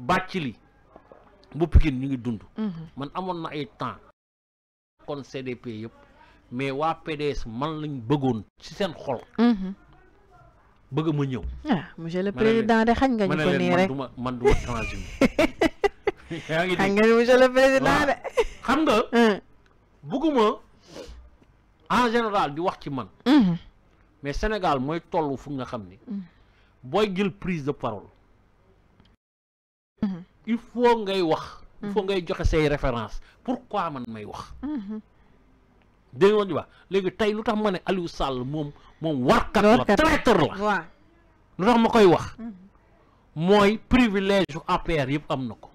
Bacili, bu Pikine ñu ngi dund mhm. man amon na ay temps kon CDP yëpp mais wa PDS man lañ bëggoon ci seen xol mhm. bëgg ma ñëw ah monsieur le président de xagn nga ñu ko ni rek man duma transhumé yaa ngi xañ nga monsieur le président de xam nga ah. bëgguma en général di wax ci man mhm. mais Sénégal moy tollu fu nga xamni boy jël prise de parole il faut ngay wax. il faut mm-hmm. ngay joxe say référence pourquoi man may wax. Mm-hmm. dégg nga wax léegi tey lu tax ma ne Aliou sàll moom moom warkat la traiteur la. lu tax ma koy wax. Mm-hmm. mooy privilège yu APR yëpp am na ko.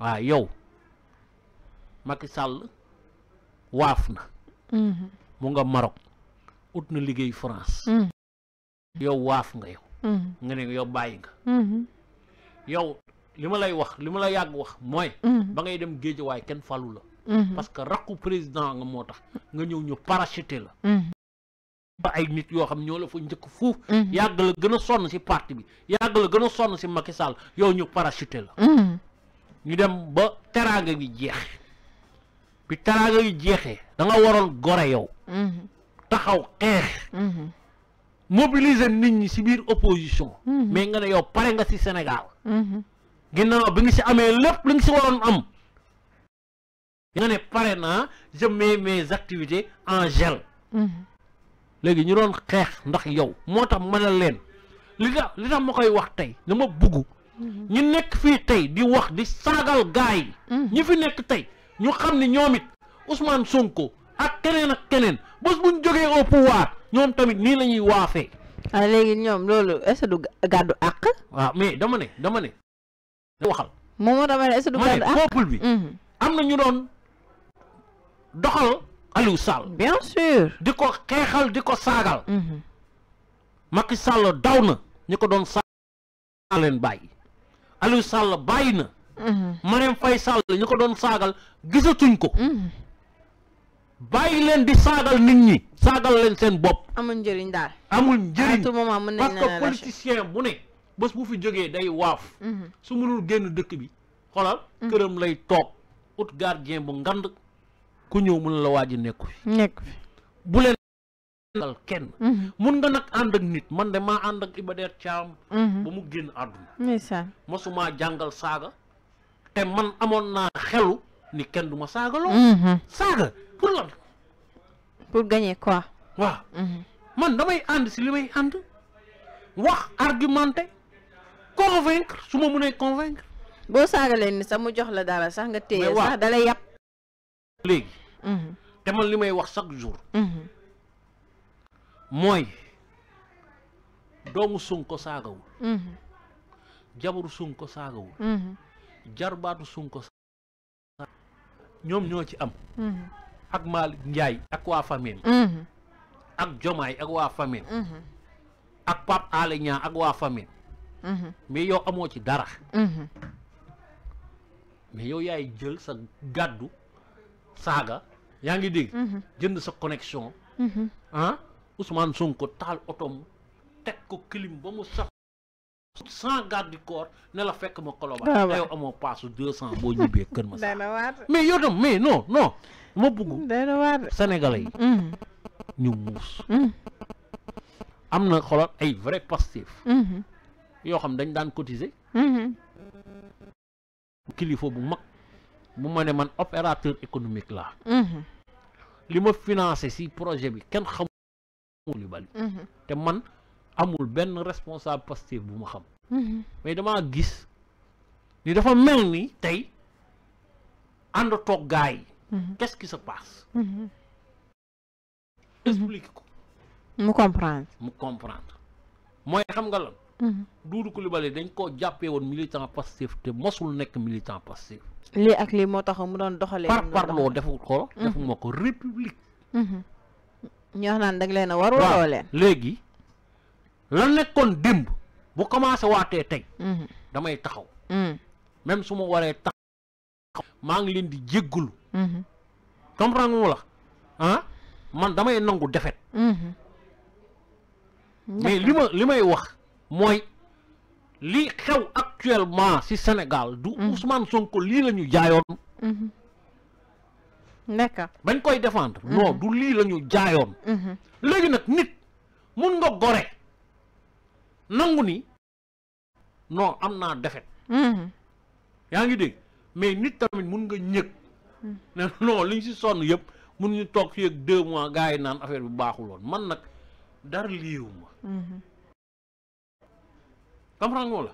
waa yow Macky sàll waaf na. mu nga Maroc ut na liggéey France. yow waaf nga yow. nga ne yow bàyyi nga. yow li ma lay wax li ma la yàgg wax mooy. Mm-hmm. ba ngay dem géej waaye kenn falu la. Mm-hmm. parce que rakku président nga moo tax nga ñëw ñu parachuté la. Mm-hmm. ay nit yoo xam ñoo la njëkk fuuf. yàgg gën a si parti bi gën a sonn si Macky yow ñu parachuté la. ñu dem ba teraanga gi jeex bi teraanga gi jeexee danga nga waroon gore yow. taxaw xeex. mobiliser nit ñi ci biir opposition mhm. mais nga ne yow paré nga ci Sénégal mhm. ginnaw bi nga ci amé lepp li nga ci waron am nga ne paré na je mets mes activités en gel mhm. légui ñu doon xex ndax yow motax manal mën leen li tax li tax ma wax tay dama ñu nekk fi tay di wax di sagal gaay Nyinek ñi fi nekk tay ñu xamni ñomit Ousmane Sonko ak keneen ak keneen bës buñ joggé au pouvoir ñoom tamit nii lañuy ñuy waafee. ah léegi ñoom loolu est du gàddu àq. waaw mais dama ne dama ne. moom moo dama ne est du gàddu àq peuple bi. Mhm. am na ñu doon doxal Aliou Sall. bien sûr di ko xeexal di ko saagal. Mhm. Macky Sall daw na ñu ko doon saagal leen bàyyi Aliou Sall bàyyi na. Mhm. Marème Faye Sall ñu ko doon saagal gisatuñ ko. bàyyi di sagal nit ñi sagal leen seen bop amul jëriñ daal amul jëriñ parce que politicien bu ne bés bu fi joggé day waaf. Mhm. su mënul genn dëkk bi xoolal. Mhm. kërëm lay tok ut gardien bu ngand ku ñew mun la waji nekk fi. nekk fi bu leen dal kenn. Mhm. mun nga nak and ak nit man de andeng ànd ak Ibader Thiam. bu mu addu àdduna. mosuma jangal saga té man amon na xelu ni kenn saga pour lan. pour gagner quoi. waaw. Mhm. man damay ànd si li may ànd wax argumenté convaincre su ma mënee convaincre. boo saagalee ni sax mu jox la dara sax nga téye sax dalay yàpp. léegi. te mhm. man li may wax chaque jour. Mhm. mooy doomu Sonko saagawul. jabaru Sonko saagawul. jarbaatu Sonko saagawul. ñoom ñoo ci am. ak Malick Ndiaye ak waa famille mhm. ak Jomaay ak waa famille mhm. ak Pape Alé Niang ak waa famille mhm. mais yow amoo ci dara mais yow yaay jël sa gàddu saaga yaa ngi dégg jënd sa connexion ah Ousmane Sonko taal otom teg ko clim ba mu sax sans garde du corps ne fekk ma Colobane ah eh, te yow amoo paasu deux cent boo ñibbee kër ma sax mais yoo tam mais non non ma bëgg sénégalais yi mm. ñu muus mm. am na xoloot ay vrai Pastef mm-hmm. yoo xam dañ daan cotiser mm-hmm. kilifa bu mag bu ma ne man opérateur économique laa mm-hmm. li ma financé si projet bi kenn xamul li bari te man amul benn responsable Pastef bu ma xam Mm-hmm. mais damaa gis ni dafa mel ni tey ànd toog gars yi. Mm-hmm. quest mm-hmm. mu comprendre. mu comprendre mooy xam nga lan. Doudou Coulibaly dañ koo jàppee woon militant passif te mosul nekk militant passif. lii ak lii moo tax mu doon doxalee. par parloo defu ko. defu ma ko république. ñoo naan da leen a leen. léegi la nekkoon démb. bu commencé waatee tey. Mm-hmm. damay taxaw. Mm-hmm. même su ma waree taxaw. maa ngi leen di jéggulu mm-hmm. comprendre nga la ah? man damay nangu defet. mais li ma li may wax mooy li xew actuellement ci Sénégal du Ousmane Sonko lii la jaayoon. d'accord bañ koy défendre. non du lii lañu ñu jaayoon. léegi nag nit mun nga gore. nangu ni non am naa defet mm-hmm. yaa ngi dégg mais nit tamit mun nga ñëg mm-hmm. ne non liñ si sonn yëpp mun ñu toog fii ak deux mois gars naan affaire bi baaxuloon man nag dara liiwu ma mm-hmm. comprendre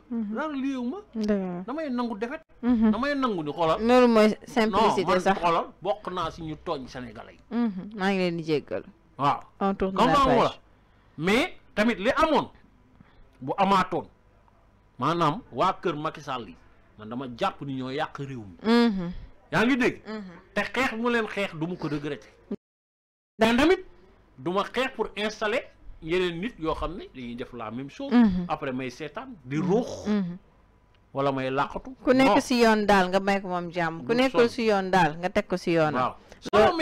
damay nangu defet damay nangu ni xoolal loolu mooy simplicité sax xoolal bokk naa si ñu tooñ sénégalais yi maa ngi leen di waaw comprendre nga la mais tamit li amoon bu amaatoon maanaam waa kër Macky Sall yi man dama jàpp ni ñoo yàq réew mi. Mhm. yaa ngi dégg. Mhm. te xeex mu leen xeex du mu ko regretté. daan tamit du ma xeex pour installer yeneen nit yoo xam ne dañuy def la même chose. Mhm. après may seetaan di ruux. wala may làqatu. ku nekk si yoon daal nga may ko moom jàmm. ku nekk si yoon daal nga teg ko si yoon. waaw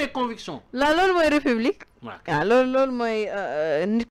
loolu mooy république. waaw ah, loolu loolu mooy euh, euh, nit.